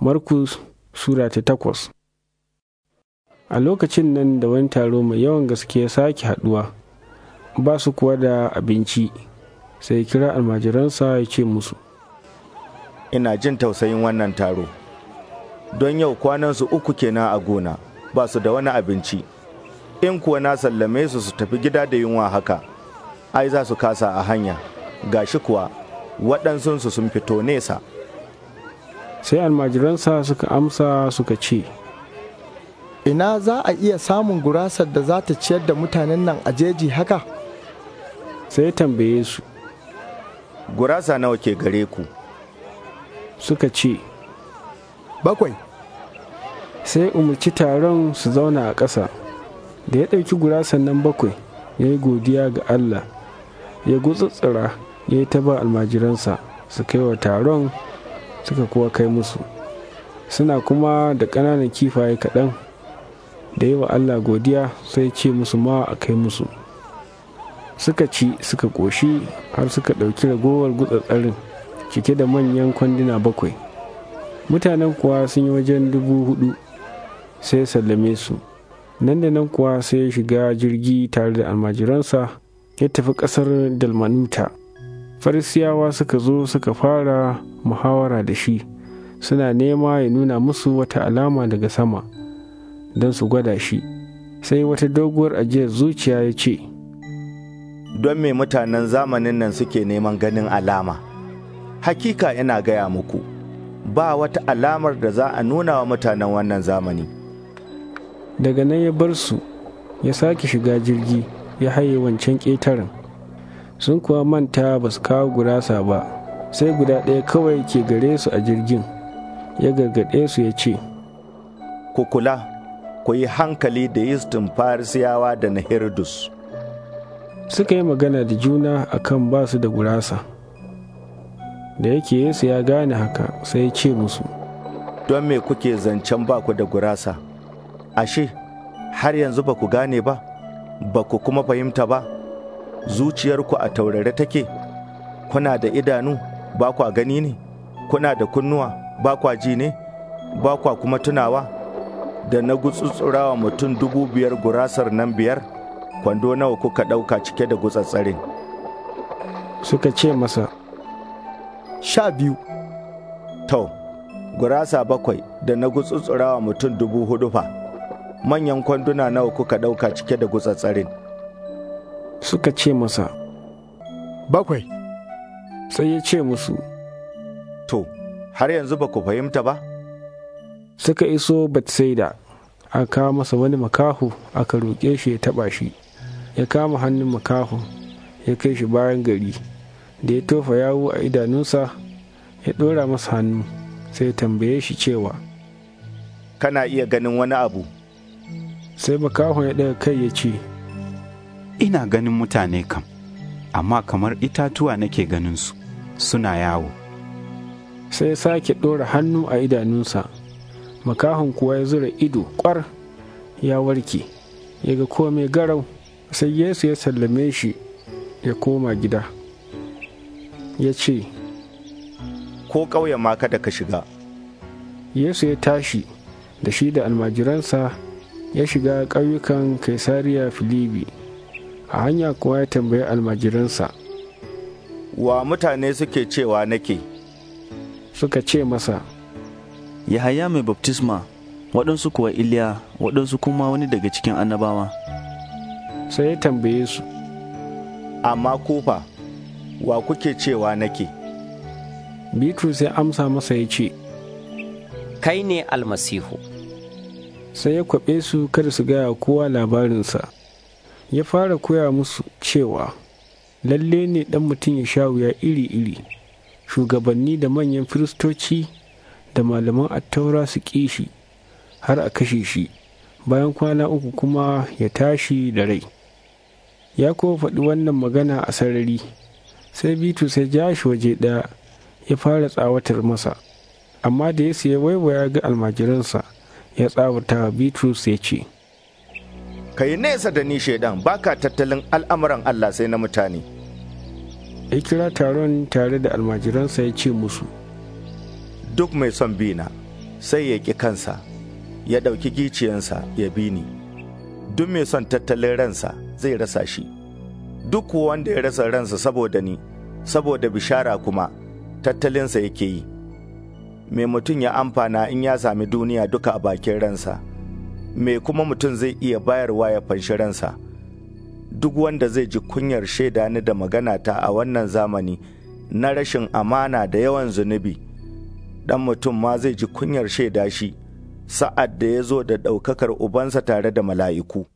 Markus Sura ta takwas A lokacin nan da wani taro mai yawan gaske ya sake haduwa, ba su kuwa da abinci, sai kira almajiransa ya ce musu. Ina jin tausayin wannan taro, don yau kwanansu uku kenan a gona, ba su da wani abinci. In kuwa na sallame su su tafi gida da yunwa haka, ai za su kasa a hanya, gashi kuwa waɗansunsu sun fito nesa. sai almajiransa suka amsa suka ce ina za a iya samun gurasar da za ta ciyar da mutanen nan a jeji haka sai tambaye su gurasa nawa ke gare ku suka ce bakwai sai umarci taron su zauna a ƙasa da ya ɗauki gurasan nan bakwai ya yi godiya ga allah ya gutsutsura ya yi ta ba almajiransa su kai wa taron suka kuwa kai musu suna kuma da ƙananan kifaye kaɗan da yi wa allah godiya sai ce musu ma a kai musu suka ci suka ƙoshi har suka ɗauki ragowar gutsatsarin cike da manyan kwandina bakwai mutanen kuwa sun yi wajen dubu hudu sai sallame su nan da nan kuwa sai ya shiga jirgi tare da almajiransa ya tafi ƙasar dalmanuta farisiyawa suka zo suka fara muhawara da shi suna nema ya nuna musu wata alama daga sama don su gwada shi sai wata doguwar ajiyar zuciya ya ce don me mutanen zamanin nan suke neman ganin alama hakika yana gaya muku ba wata alamar da za a nuna wa mutanen wannan zamani daga nan ya bar su ya sake shiga jirgi ya haye wancan ƙetaren sun kuwa manta ba su kawo gurasa ba sai guda ɗaya kawai ke gare su a jirgin ya gargaɗe su ya ce ku kula ku yi hankali da yistin farisiyawa da na Herodus. suka yi magana da juna akan ba su da gurasa da yake yesu ya gane haka sai ya ce musu don me kuke zancen ba ku da gurasa ashe har yanzu ba ku gane ba ba ku kuma fahimta ba zuciyarku a taurare take, kuna da idanu ba kwa gani ne, kuna da kunnuwa ba kwa ji ne, ba kwa kuma tunawa, da na gutsutsurawa mutum dubu biyar gurasar nan biyar, kwando nawa kuka ɗauka cike da gutsatsarin. Suka ce masa, Sha biyu. tau, gurasa bakwai da na gutsutsurawa mutum dubu hudu fa, manyan kwanduna nawa kuka ɗauka cike da gutsatsarin. suka ce masa bakwai sai ya ce musu to har yanzu ba ku fahimta ba suka iso batsaida a kawo masa wani makahu aka roƙe shi ya taɓa shi ya kama hannun makahu ya kai shi bayan gari da ya tofa yawo a idanunsa ya ɗora masa hannu sai ya tambaye shi cewa kana iya ganin wani abu sai makahun ya ɗaga kai ya ce ina ganin mutane kam, amma kamar itatuwa nake ganinsu suna yawo. Sai sake ɗora hannu a idanunsa, makahon kuwa ya zura ido ƙwar ya warke, ya ga komai garau, sai Yesu ya sallame shi ya koma gida. Ya ce, Ko ƙauye ma kada ka shiga. Yesu ya tashi da shi da almajiransa ya shiga ƙauyukan Kaisariya Filibi. a hanya kuwa ya tambayi almajiransa wa mutane suke cewa nake suka ce masa yahaya mai baptisma waɗansu kuwa iliya waɗansu kuma wani daga cikin annabawa sai ya tambaye su amma kofa wa kuke cewa nake bitrus ya amsa masa ya ce kai ne almasihu sai ya kwaɓe su kada su gaya kowa labarinsa ya fara koya musu cewa lalle ne ɗan mutum ya sha wuya iri-iri shugabanni da manyan firistoci da malaman attaura su ƙi shi har a kashe shi bayan kwana uku kuma ya tashi da rai ya kuma faɗi wannan magana a sarari sai bitu ya ja shi waje ɗaya ya fara tsawatar masa amma da ya siya waiwaya ga almajiransa ya tsawata bitrus ya ce ka yi nesa da ni shaidan baka tattalin al'amuran Allah sai na mutane. Ya kira taron tare da almajiransa ya ce musu. Duk mai son bina sai ya ƙi kansa, ya ɗauki giciyansa ya bi ni. Duk mai son tattalin ransa zai rasa shi. Duk wanda ya rasa ransa saboda ni, saboda bishara kuma tattalinsa yake yi. Mai mutum ya amfana in ya sami duniya duka a bakin ransa. me kuma mutum zai iya bayarwa ya fanshi ransa duk wanda zai ji kunyar shaida ni da magana ta a wannan zamani na rashin amana da yawan zunubi ɗan mutum ma zai ji kunyar shaida shi sa'ad da ya zo da ɗaukakar ubansa tare da mala'iku